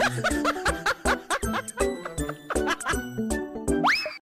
Ha ha ha!